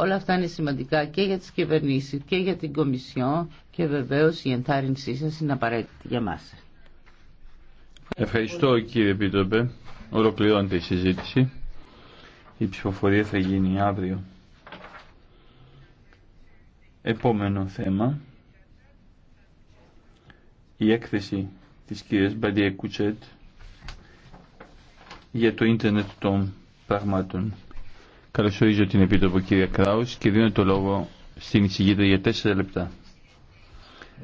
Όλα αυτά είναι σημαντικά και για τις κυβερνήσεις και για την Κομισιό και βεβαίως η ενθάρρυνσή σας είναι απαραίτητη για μας. Ευχαριστώ κύριε Επίτροπε. Ολοκληρώνεται η συζήτηση. Η ψηφοφορία θα γίνει αύριο. Επόμενο θέμα. Η έκθεση της κυρίας Μπαντιέ Κουτσέτ για το ίντερνετ των πραγμάτων. Καλωσορίζω την Επίτροπο κυρία Κράους και δίνω το λόγο στην εισηγήτρια για τέσσερα λεπτά.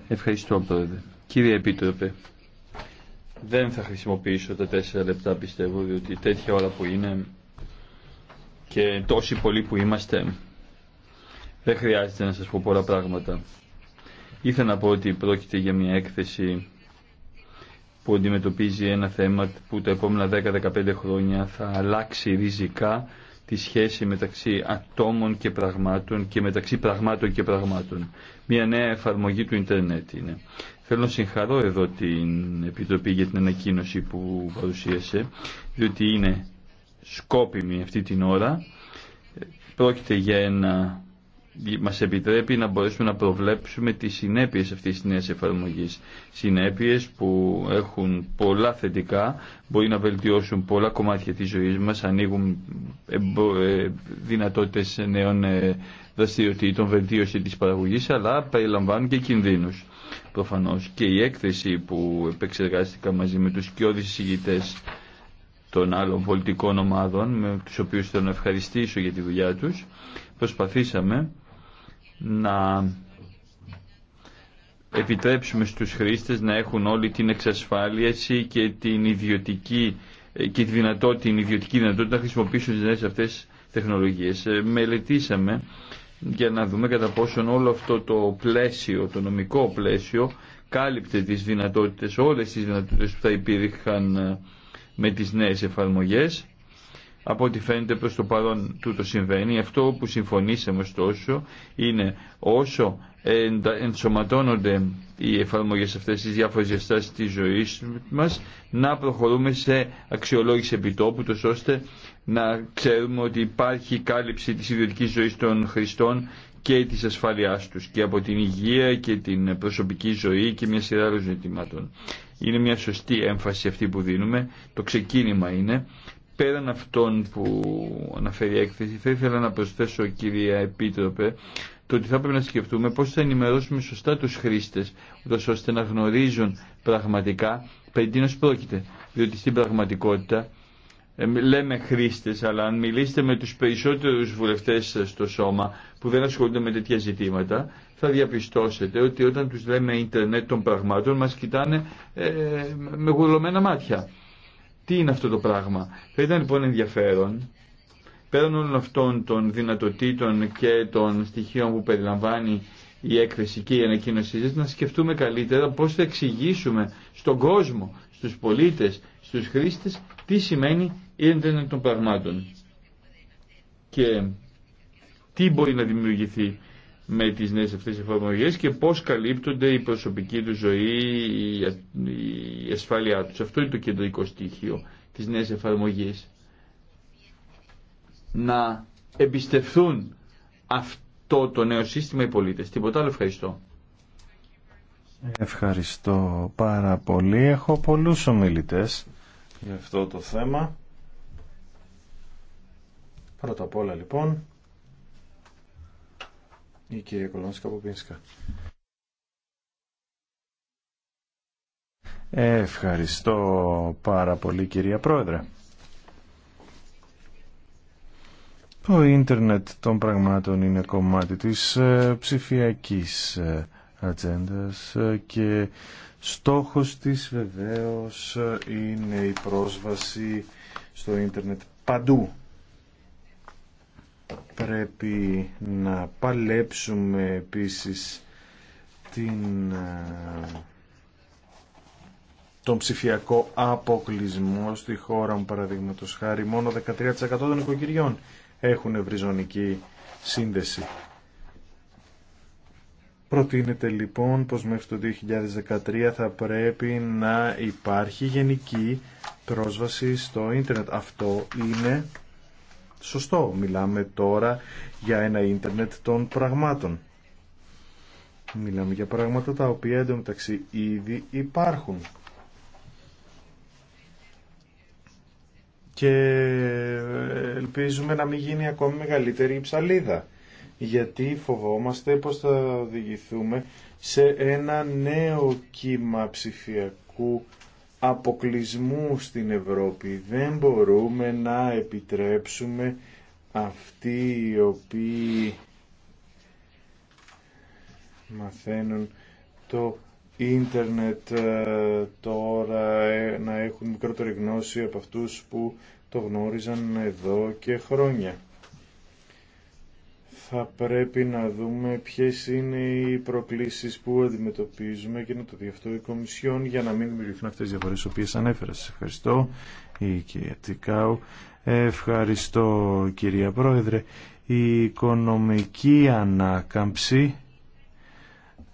Ευχαριστώ πρόεδρε. Κύριε Επίτροπε, δεν θα χρησιμοποιήσω τα τέσσερα λεπτά πιστεύω διότι τέτοια ώρα που είναι και τόσοι πολλοί που είμαστε δεν χρειάζεται να σας πω πολλά πράγματα. Ήθελα να πω ότι πρόκειται για μια έκθεση που αντιμετωπίζει ένα θέμα που τα επόμενα 10-15 χρόνια θα αλλάξει ριζικά τη σχέση μεταξύ ατόμων και πραγμάτων και μεταξύ πραγμάτων και πραγμάτων. Μια νέα εφαρμογή του ίντερνετ είναι. Θέλω να συγχαρώ εδώ την Επιτροπή για την ανακοίνωση που παρουσίασε, διότι είναι σκόπιμη αυτή την ώρα. Πρόκειται για ένα μας επιτρέπει να μπορέσουμε να προβλέψουμε τις συνέπειες αυτής της νέας εφαρμογής. Συνέπειες που έχουν πολλά θετικά, μπορεί να βελτιώσουν πολλά κομμάτια της ζωής μας, ανοίγουν ε, ε, δυνατότητες νέων ε, δραστηριοτήτων, βελτίωση της παραγωγής, αλλά περιλαμβάνουν και κινδύνους. Προφανώς και η έκθεση που επεξεργάστηκα μαζί με τους και συγητές των άλλων πολιτικών ομάδων, με τους οποίους θέλω να ευχαριστήσω για τη δουλειά τους, προσπαθήσαμε να επιτρέψουμε στους χρήστες να έχουν όλη την εξασφάλιση και την ιδιωτική και τη δυνατότητα, ιδιωτική δυνατότητα να χρησιμοποιήσουν τις νέες αυτές τεχνολογίες. Ε, μελετήσαμε για να δούμε κατά πόσον όλο αυτό το πλαίσιο, το νομικό πλαίσιο, κάλυπτε τις δυνατότητες, όλες τις δυνατότητες που θα υπήρχαν ε, με τις νέες εφαρμογές από ό,τι φαίνεται προς το παρόν τούτο συμβαίνει. Αυτό που συμφωνήσαμε ωστόσο είναι όσο ενσωματώνονται οι εφαρμογές αυτές τις διάφορες διαστάσεις της ζωής μας να προχωρούμε σε αξιολόγηση επιτόπου ώστε να ξέρουμε ότι υπάρχει κάλυψη της ιδιωτικής ζωής των χρηστών και της ασφάλειάς τους και από την υγεία και την προσωπική ζωή και μια σειρά άλλων ζητημάτων. Είναι μια σωστή έμφαση αυτή που δίνουμε. Το ξεκίνημα είναι πέραν αυτών που αναφέρει η έκθεση, θα ήθελα να προσθέσω, κυρία Επίτροπε, το ότι θα πρέπει να σκεφτούμε πώς θα ενημερώσουμε σωστά τους χρήστες, ώστε να γνωρίζουν πραγματικά περί τίνος πρόκειται. Διότι στην πραγματικότητα λέμε χρήστες, αλλά αν μιλήσετε με τους περισσότερους βουλευτές στο σώμα που δεν ασχολούνται με τέτοια ζητήματα, θα διαπιστώσετε ότι όταν τους λέμε ίντερνετ των πραγμάτων μας κοιτάνε ε, με γουρλωμένα μάτια. Τι είναι αυτό το πράγμα. Θα ήταν λοιπόν ενδιαφέρον, πέραν όλων αυτών των δυνατοτήτων και των στοιχείων που περιλαμβάνει η έκθεση και η ανακοίνωσή να σκεφτούμε καλύτερα πώς θα εξηγήσουμε στον κόσμο, στους πολίτες, στους χρήστες, τι σημαίνει η ίντερνετ των πραγμάτων. Και τι μπορεί να δημιουργηθεί με τις νέες αυτές εφαρμογές και πώς καλύπτονται η προσωπική του ζωή, η ασφάλειά τους. Αυτό είναι το κεντρικό στοιχείο της νέας εφαρμογής. Να εμπιστευθούν αυτό το νέο σύστημα οι πολίτες. Τίποτα άλλο ευχαριστώ. Ευχαριστώ πάρα πολύ. Έχω πολλούς ομιλητές για αυτό το θέμα. Πρώτα απ' όλα λοιπόν η κυρία Κολόνσκα Ευχαριστώ πάρα πολύ κυρία Πρόεδρε. Το ίντερνετ των πραγμάτων είναι κομμάτι της ε, ψηφιακής ε, ατζέντα ε, και στόχος της βεβαίως είναι η πρόσβαση στο ίντερνετ παντού πρέπει να παλέψουμε επίσης την, ε, τον ψηφιακό αποκλεισμό στη χώρα μου παραδείγματος χάρη μόνο 13% των οικογενειών έχουν ευρυζωνική σύνδεση. Προτείνεται λοιπόν πως μέχρι το 2013 θα πρέπει να υπάρχει γενική πρόσβαση στο ίντερνετ. Αυτό είναι σωστό. Μιλάμε τώρα για ένα ίντερνετ των πραγμάτων. Μιλάμε για πράγματα τα οποία εντωμεταξύ ήδη υπάρχουν. Και ελπίζουμε να μην γίνει ακόμη μεγαλύτερη η ψαλίδα. Γιατί φοβόμαστε πως θα οδηγηθούμε σε ένα νέο κύμα ψηφιακού αποκλεισμού στην Ευρώπη. Δεν μπορούμε να επιτρέψουμε αυτοί οι οποίοι μαθαίνουν το ίντερνετ ε, τώρα ε, να έχουν μικρότερη γνώση από αυτούς που το γνώριζαν εδώ και χρόνια θα πρέπει να δούμε ποιες είναι οι προκλήσεις που αντιμετωπίζουμε και να το δει η Κομισιόν για να μην δημιουργηθούν αυτές οι διαφορές τις οποίες ανέφερα. Σας ευχαριστώ η κυρία Τικάου. Ευχαριστώ κυρία Πρόεδρε. Η οικονομική ανάκαμψη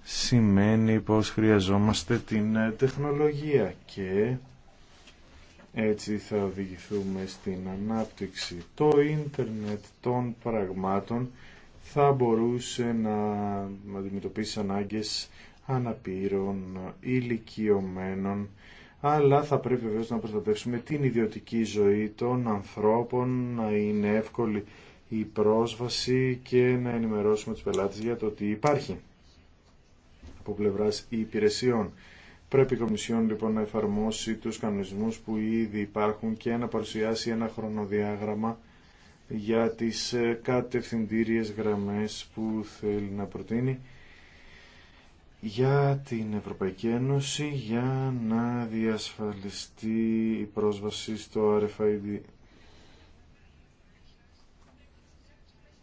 σημαίνει πως χρειαζόμαστε την τεχνολογία και έτσι θα οδηγηθούμε στην ανάπτυξη. Το ίντερνετ των πραγμάτων θα μπορούσε να αντιμετωπίσει ανάγκες αναπήρων, ηλικιωμένων, αλλά θα πρέπει βεβαίως να προστατεύσουμε την ιδιωτική ζωή των ανθρώπων, να είναι εύκολη η πρόσβαση και να ενημερώσουμε τους πελάτες για το τι υπάρχει από πλευράς υπηρεσιών. Πρέπει η Κομισιόν λοιπόν να εφαρμόσει τους κανονισμούς που ήδη υπάρχουν και να παρουσιάσει ένα χρονοδιάγραμμα για τις ε, κατευθυντήριες γραμμές που θέλει να προτείνει για την Ευρωπαϊκή Ένωση για να διασφαλιστεί η πρόσβαση στο RFID.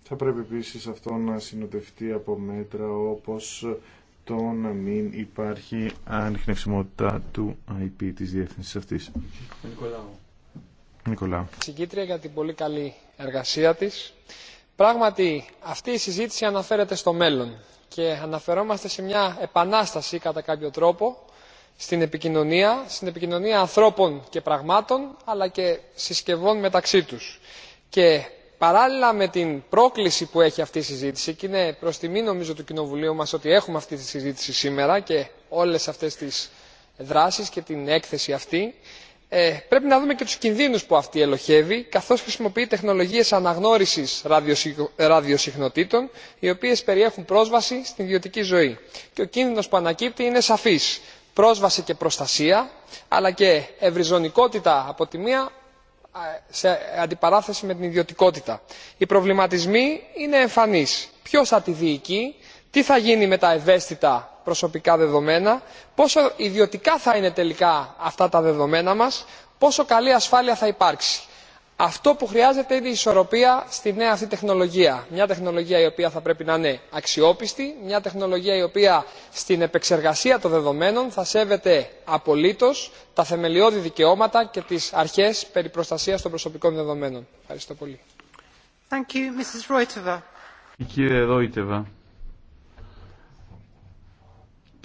Θα πρέπει επίσης αυτό να συνοδευτεί από μέτρα όπως το να μην υπάρχει ανιχνευσιμότητα του IP της διεύθυνσης αυτής. Νικολάου. Νικολάου. για την πολύ καλή εργασία της. Πράγματι, αυτή η συζήτηση αναφέρεται στο μέλλον και αναφερόμαστε σε μια επανάσταση κατά κάποιο τρόπο στην επικοινωνία, στην επικοινωνία ανθρώπων και πραγμάτων αλλά και συσκευών μεταξύ τους. Και παράλληλα με την πρόκληση που έχει αυτή η συζήτηση και είναι προς τιμή νομίζω του Κοινοβουλίου μας ότι έχουμε αυτή τη συζήτηση σήμερα και όλες αυτές τις δράσεις και την έκθεση αυτή ε, πρέπει να δούμε και του κινδύνου που αυτή ελοχεύει καθώ χρησιμοποιεί τεχνολογίε αναγνώριση ραδιοσυχνοτήτων οι οποίε περιέχουν πρόσβαση στην ιδιωτική ζωή και ο κίνδυνο που ανακύπτει είναι σαφή πρόσβαση και προστασία αλλά και ευρυζωνικότητα από τη μία σε αντιπαράθεση με την ιδιωτικότητα. οι προβληματισμοί είναι εμφανεί ποιο θα τη διοικεί τι θα γίνει με τα ευαίσθητα προσωπικά δεδομένα πόσο ιδιωτικά θα είναι τελικά αυτά τα δεδομένα μας πόσο καλή ασφάλεια θα υπάρξει. αυτό που χρειάζεται είναι η ισορροπία στη νέα αυτή τεχνολογία μια τεχνολογία η οποία θα πρέπει να είναι αξιόπιστη μια τεχνολογία η οποία στην επεξεργασία των δεδομένων θα σέβεται απολύτως τα θεμελιώδη δικαιώματα και τις αρχές περί προστασίας των προσωπικών δεδομένων. ευχαριστώ πολύ.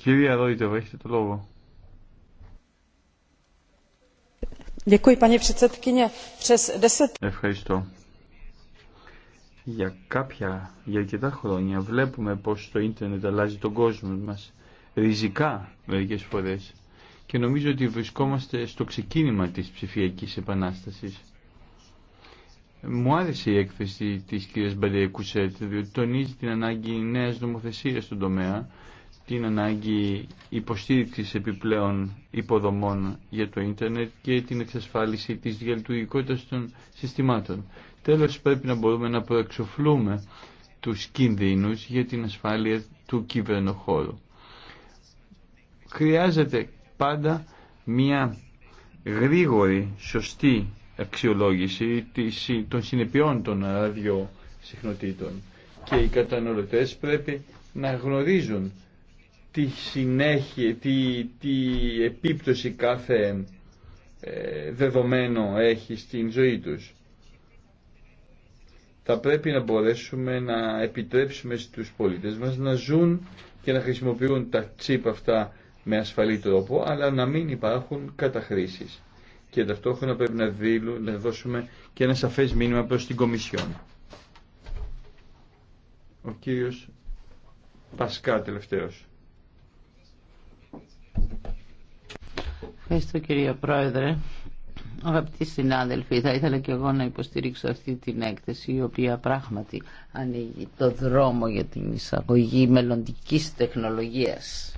Κυρία Ρόιτευα, έχετε το λόγο. Ευχαριστώ. Για κάποια, για αρκετά χρόνια βλέπουμε πως το ίντερνετ αλλάζει τον κόσμο μας ριζικά μερικές φορές και νομίζω ότι βρισκόμαστε στο ξεκίνημα της ψηφιακής επανάστασης. Μου άρεσε η έκθεση της κυρίας Μπαντερικούσετ διότι τονίζει την ανάγκη νέας νομοθεσίας στον τομέα την ανάγκη υποστήριξης επιπλέον υποδομών για το ίντερνετ και την εξασφάλιση της διαλειτουργικότητας των συστημάτων. Τέλος, πρέπει να μπορούμε να προεξοφλούμε τους κινδύνους για την ασφάλεια του κυβερνοχώρου. Χρειάζεται πάντα μια γρήγορη, σωστή αξιολόγηση των συνεπειών των ραδιοσυχνοτήτων και οι καταναλωτές πρέπει να γνωρίζουν τη συνέχεια, τη, επίπτωση κάθε ε, δεδομένο έχει στην ζωή τους. Θα πρέπει να μπορέσουμε να επιτρέψουμε στους πολίτες μας να ζουν και να χρησιμοποιούν τα τσίπ αυτά με ασφαλή τρόπο, αλλά να μην υπάρχουν καταχρήσεις. Και ταυτόχρονα πρέπει να, να δώσουμε και ένα σαφές μήνυμα προς την Κομισιόν. Ο κύριος Πασκά τελευταίος. Ευχαριστώ κυρία Πρόεδρε. Αγαπητοί συνάδελφοι, θα ήθελα και εγώ να υποστηρίξω αυτή την έκθεση η οποία πράγματι ανοίγει το δρόμο για την εισαγωγή μελλοντικής τεχνολογίας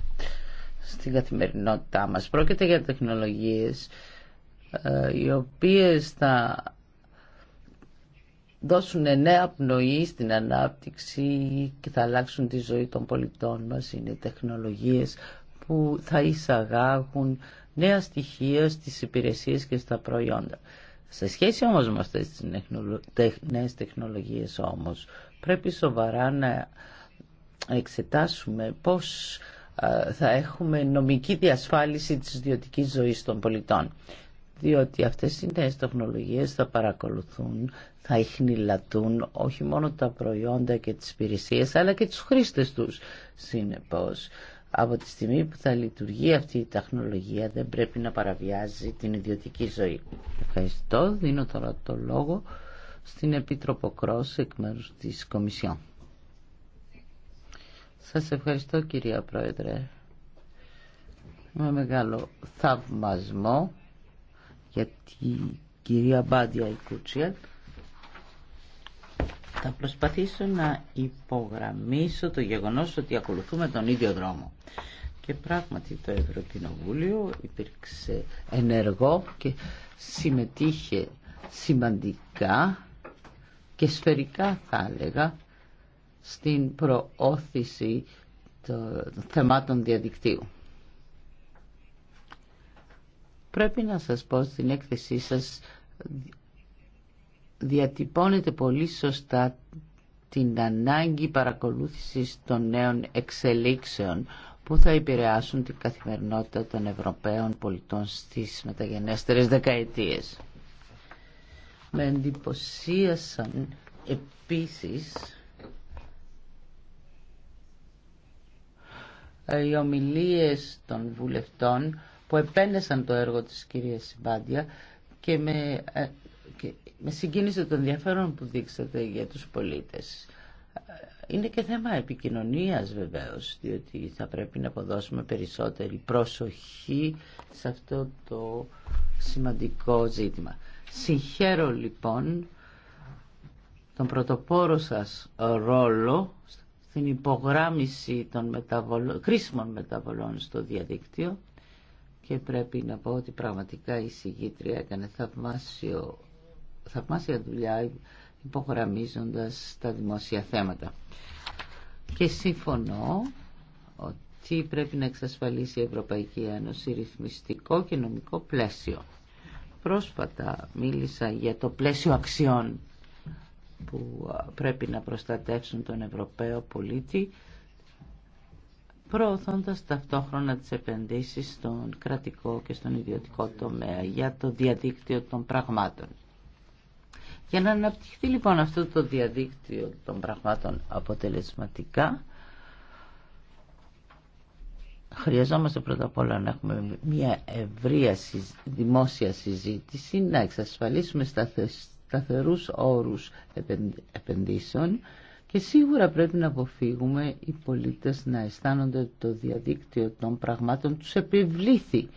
στην καθημερινότητά μας. Πρόκειται για τεχνολογίες ε, οι οποίες θα δώσουν νέα πνοή στην ανάπτυξη και θα αλλάξουν τη ζωή των πολιτών μας. Είναι τεχνολογίες που θα εισαγάγουν νέα στοιχεία στις υπηρεσίες και στα προϊόντα. Σε σχέση όμως με αυτές τις νέες τεχνολογίες όμως πρέπει σοβαρά να εξετάσουμε πώς θα έχουμε νομική διασφάλιση της ιδιωτική ζωής των πολιτών. Διότι αυτές οι νέες τεχνολογίες θα παρακολουθούν, θα ειχνηλατούν, όχι μόνο τα προϊόντα και τις υπηρεσίες αλλά και τους χρήστες τους. Συνεπώς από τη στιγμή που θα λειτουργεί αυτή η τεχνολογία δεν πρέπει να παραβιάζει την ιδιωτική ζωή. Ευχαριστώ. Δίνω τώρα το λόγο στην Επίτροπο Κρός εκ μέρους της Κομισιόν. Σας ευχαριστώ κυρία Πρόεδρε. Με μεγάλο θαυμασμό για την κυρία Μπάντια Ικούτσια θα προσπαθήσω να υπογραμμίσω το γεγονός ότι ακολουθούμε τον ίδιο δρόμο. Και πράγματι το Ευρωκοινοβούλιο υπήρξε ενεργό και συμμετείχε σημαντικά και σφαιρικά θα έλεγα στην προώθηση των θεμάτων διαδικτύου. Πρέπει να σας πω στην έκθεσή σας διατυπώνεται πολύ σωστά την ανάγκη παρακολούθησης των νέων εξελίξεων που θα επηρεάσουν την καθημερινότητα των Ευρωπαίων πολιτών στις μεταγενέστερες δεκαετίες. Με εντυπωσίασαν επίσης οι ομιλίες των βουλευτών που επένεσαν το έργο της κυρίας Συμπάντια και με, ε, με συγκίνησε το ενδιαφέρον που δείξατε για τους πολίτες. Είναι και θέμα επικοινωνίας βεβαίως, διότι θα πρέπει να αποδώσουμε περισσότερη προσοχή σε αυτό το σημαντικό ζήτημα. Συγχαίρω λοιπόν τον πρωτοπόρο σας ρόλο στην υπογράμμιση των μεταβολο... κρίσιμων μεταβολών στο διαδίκτυο και πρέπει να πω ότι πραγματικά η συγκήτρια έκανε θαυμάσιο θαυμάσια δουλειά υπογραμμίζοντας τα δημόσια θέματα. Και συμφωνώ ότι πρέπει να εξασφαλίσει η Ευρωπαϊκή Ένωση ρυθμιστικό και νομικό πλαίσιο. Πρόσφατα μίλησα για το πλαίσιο αξιών που πρέπει να προστατεύσουν τον Ευρωπαίο πολίτη προωθώντας ταυτόχρονα τις επενδύσεις στον κρατικό και στον ιδιωτικό τομέα για το διαδίκτυο των πραγμάτων. Για να αναπτυχθεί λοιπόν αυτό το διαδίκτυο των πραγμάτων αποτελεσματικά, χρειαζόμαστε πρώτα απ' όλα να έχουμε μια ευρεία δημόσια συζήτηση, να εξασφαλίσουμε σταθερούς όρους επενδύσεων και σίγουρα πρέπει να αποφύγουμε οι πολίτες να αισθάνονται ότι το διαδίκτυο των πραγμάτων τους επιβλήθη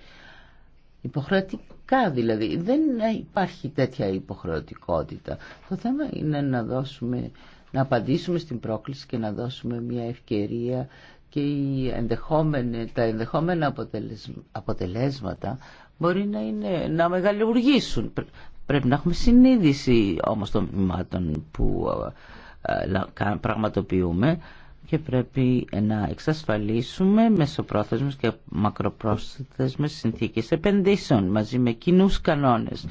Υποχρεωτικά δηλαδή. Δεν υπάρχει τέτοια υποχρεωτικότητα. Το θέμα είναι να δώσουμε, να απαντήσουμε στην πρόκληση και να δώσουμε μια ευκαιρία και οι τα ενδεχόμενα αποτελέσματα μπορεί να, είναι, να μεγαλουργήσουν. Πρέπει να έχουμε συνείδηση όμως των βημάτων που ε, ε, πραγματοποιούμε και πρέπει να εξασφαλίσουμε μεσοπρόθεσμες και μακροπρόθεσμες συνθήκες επενδύσεων μαζί με κοινού κανόνες.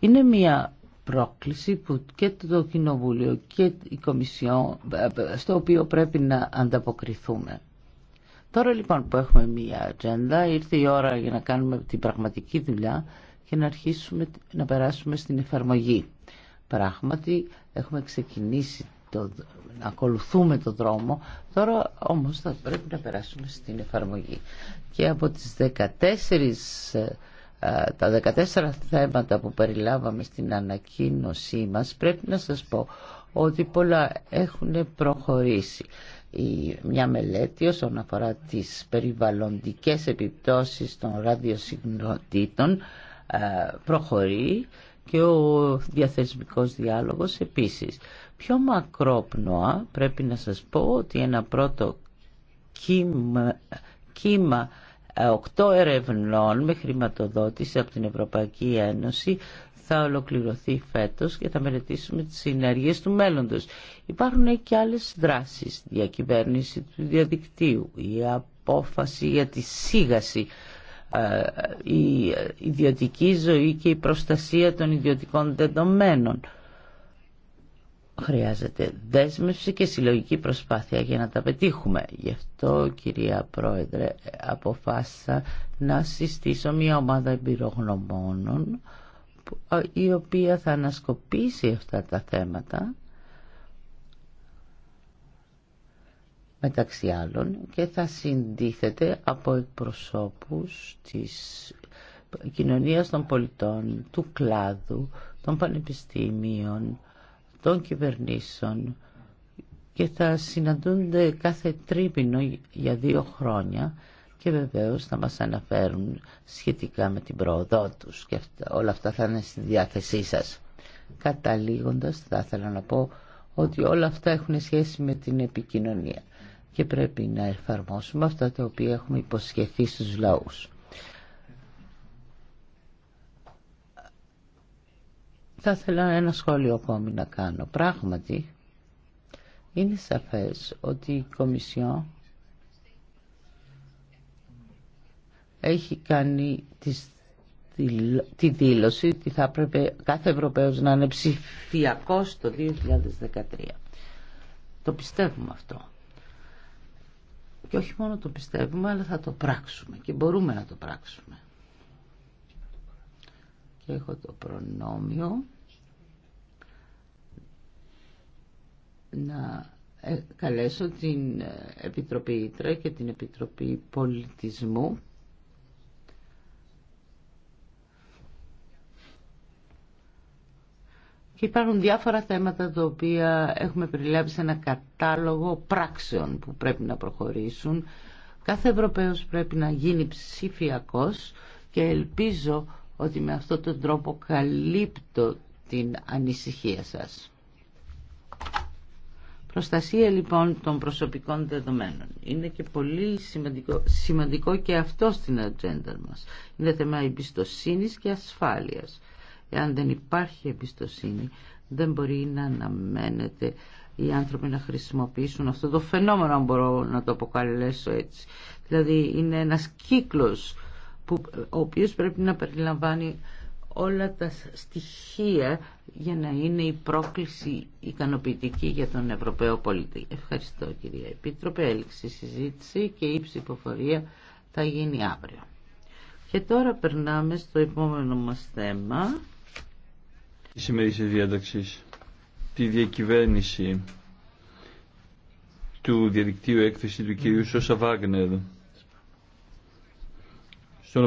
Είναι μια πρόκληση που και το Κοινοβούλιο και η Κομισιόν στο οποίο πρέπει να ανταποκριθούμε. Τώρα λοιπόν που έχουμε μια ατζέντα ήρθε η ώρα για να κάνουμε την πραγματική δουλειά και να αρχίσουμε να περάσουμε στην εφαρμογή. Πράγματι έχουμε ξεκινήσει να ακολουθούμε το δρόμο τώρα όμως θα πρέπει να περάσουμε στην εφαρμογή και από τις 14 ε, ε, τα 14 θέματα που περιλάβαμε στην ανακοίνωσή μας πρέπει να σας πω ότι πολλά έχουν προχωρήσει. Η, μια μελέτη όσον αφορά τις περιβαλλοντικές επιπτώσεις των ραδιοσυγνωτήτων ε, προχωρεί και ο διαθεσμικός διάλογος επίσης. Πιο μακρόπνοα πρέπει να σας πω ότι ένα πρώτο κύμα, κύμα 8 ε, ερευνών με χρηματοδότηση από την Ευρωπαϊκή Ένωση θα ολοκληρωθεί φέτος και θα μελετήσουμε τις συνεργίες του μέλλοντος. Υπάρχουν και άλλες δράσεις, διακυβέρνηση του διαδικτύου, η απόφαση για τη σίγαση ε, η ιδιωτική ζωή και η προστασία των ιδιωτικών δεδομένων. Χρειάζεται δέσμευση και συλλογική προσπάθεια για να τα πετύχουμε. Γι' αυτό, κυρία Πρόεδρε, αποφάσισα να συστήσω μια ομάδα εμπειρογνωμόνων η οποία θα ανασκοπήσει αυτά τα θέματα μεταξύ άλλων και θα συντίθεται από εκπροσώπους της κοινωνίας των πολιτών, του κλάδου, των πανεπιστήμιων, των κυβερνήσεων και θα συναντούνται κάθε τρίμηνο για δύο χρόνια και βεβαίως θα μας αναφέρουν σχετικά με την πρόοδό τους και όλα αυτά θα είναι στη διάθεσή σας. Καταλήγοντας θα ήθελα να πω ότι όλα αυτά έχουν σχέση με την επικοινωνία και πρέπει να εφαρμόσουμε αυτά τα οποία έχουμε υποσχεθεί στους λαούς. Θα ήθελα ένα σχόλιο ακόμη να κάνω. Πράγματι, είναι σαφές ότι η Κομισιό έχει κάνει τη δήλωση ότι θα έπρεπε κάθε Ευρωπαίος να είναι ψηφιακός το 2013. Το πιστεύουμε αυτό. Και όχι μόνο το πιστεύουμε, αλλά θα το πράξουμε και μπορούμε να το πράξουμε. Και έχω το προνόμιο να ε, καλέσω την ε, Επιτροπή Ήτρα και την Επιτροπή Πολιτισμού Και υπάρχουν διάφορα θέματα τα οποία έχουμε περιλάβει σε ένα κατάλογο πράξεων που πρέπει να προχωρήσουν. Κάθε Ευρωπαίος πρέπει να γίνει ψηφιακός και ελπίζω ότι με αυτόν τον τρόπο καλύπτω την ανησυχία σας. Προστασία λοιπόν των προσωπικών δεδομένων. Είναι και πολύ σημαντικό, και αυτό στην ατζέντα μας. Είναι θέμα εμπιστοσύνη και ασφάλειας. Εάν δεν υπάρχει εμπιστοσύνη, δεν μπορεί να αναμένεται οι άνθρωποι να χρησιμοποιήσουν αυτό το φαινόμενο, αν μπορώ να το αποκαλέσω έτσι. Δηλαδή είναι ένας κύκλος που, ο οποίος πρέπει να περιλαμβάνει όλα τα στοιχεία για να είναι η πρόκληση ικανοποιητική για τον Ευρωπαίο πολίτη. Ευχαριστώ κυρία Επίτροπε. Έληξε συζήτηση και η ψηφοφορία θα γίνει αύριο. Και τώρα περνάμε στο επόμενο μας θέμα. Η σημερινή διάταξης τη διακυβέρνηση του διαδικτύου έκθεση του κυρίου Σώσα Βάγνερ